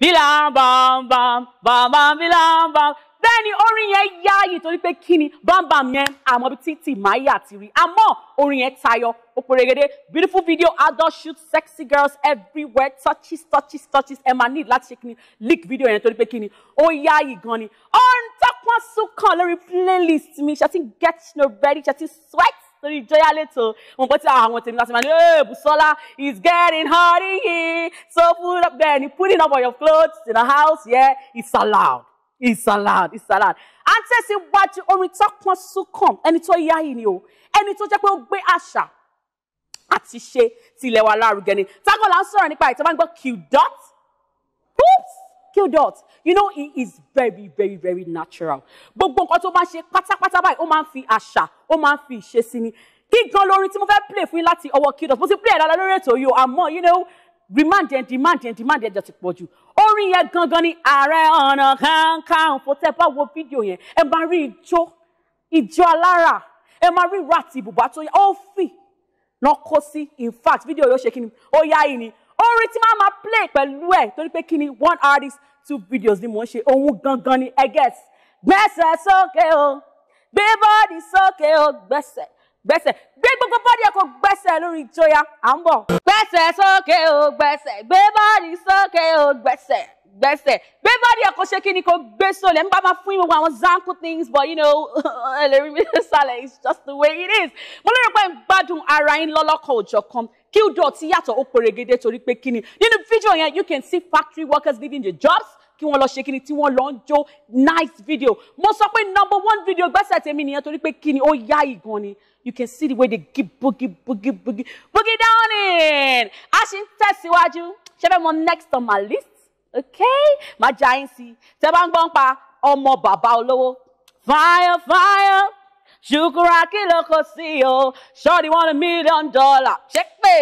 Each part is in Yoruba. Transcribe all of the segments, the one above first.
bílà bàm bàm bàm bàm bílà bàm bẹ́ẹ̀ ni orin yẹn yáàyè torí pé kí ni bámbàm yẹn àmọ́ bí títí máyà ti rí àmọ́ orin yẹn tayọ ó beautiful video adult shoot sexy girls everywhere touches touches touches ẹ máa ní láti ṣe kí ni leak video yẹn torí pé kí ni ó yáàyè gan ni orin tọ́pọ̀n sùkàn lórí playlist mi ṣe get no ready ṣe sweat lórí ìjọyà lẹ́tọ̀ọ́ mo gbọ́ tí àwọn tèmi láti máa ní ẹ̀ Bùsọ́lá is getting hot in here. So happy, soulful, bẹ́ẹ̀ ni putting up on your clothes in the house, yeah, it's allowed. It's allowed. It's allowed. À ń tẹ̀síwájú orin tó pọ́n talk ẹni tó come, and it's all ẹni tó jẹ́ pé ó gbé àṣà àti ṣe tilẹ̀ wa lárugẹ ni. Tákọ́ là ń sọ̀rọ̀ nípa ìtọ́ bá ń gbọ́ Q dot. Oops! Q dot. You know it is very very very natural. Gbogbo nǹkan tó máa ń ṣe pátápátá báyìí ó fi asha oman fi she ni. Gígan lórin tí mo fẹ́ play fún yín láti ọwọ́ Q dot. Mo ti play ẹ̀dá lórí ètò yìí o, àmọ́ you know demand yẹn demand yẹn demand yẹn jẹ ti pọ̀ jù orin yẹn gangan ni ààrẹ ọ̀nà Kakanfò tẹ́ bá wo fídíò yẹn ẹ máa rí ijó ijó alára ẹ máa rí ìró àti tó yá ó fì lọ kó sí in fact fídíò yóò ṣe kí ni ó yá yìí ni orin tí máa máa play pẹ̀lú ẹ̀ torí pé kí ni one artist two videos ni mò ń ṣe òun gangan ni ẹ guess gbẹ́sẹ̀ sókè o gbé bọ́ọ̀dì sókè o gbẹ́sẹ̀ gbẹ́sẹ̀ gbé gbogbo bọ́ọ̀dì ẹ̀ kò báyìí lórí Joya à ń bọ̀. gbẹ́sẹ̀ sókè o gbẹ́sẹ̀ gbé bọ́ọ̀lì sókè o gbẹ́sẹ̀ gbẹ́sẹ̀ gbé bọ́ọ̀lì ẹ̀kọ́ ṣe kí ni kò gbé sólẹ̀ ń bá máa fún gbogbo àwọn zanku things but you know ẹlẹ́rìí mi sálẹ̀ it's just the way it is. mo lérò pé ń gbádùn ara yín lọ́lọ́kọ̀ òjọ̀kan qdot yàtọ̀ ó perégedé torí pé kíni nínú fídíò yẹn you can see factory workers leaving their jobs kí wọ́n lọ ṣe kíni tí wọ́n lọ ń jó nice video mo sọ pé number one video gbẹ́sẹ̀ tèmi nìyẹn torí pé kíni ó yá ìgan ni you can see the way they give boogie boogie boogie boogie down in a ṣì ń tẹ̀síwájú ṣe fẹ́ mọ next on my list okay máa jà yín sí tẹ́ bá ń gbọ́n pa ọmọ bàbá olówó fire fire ṣùkúra kí ló kó sí o ṣọ́ọ̀dì one million dollar check, pé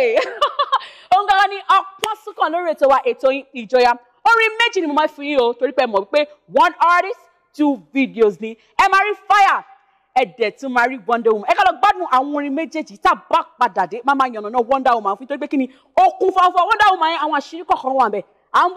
òun gangan ni ọpọ́n súnkàn lórí ètò wa eto ìjọya orin méjì ni mo máa fi yín o torí pé mọ̀ one artist two videos ni ẹ máa fire ẹ̀dẹ̀ tún máa rí wonder woman ẹ ká lọ gbádùn àwọn orin méjèèjì tá a bá padà dé má máa yànnàná wonder woman fún torí pé kí ni ó kún wonder woman yẹn àwọn àṣírí kọ̀ọ̀kan wà bẹ́ẹ̀ à ń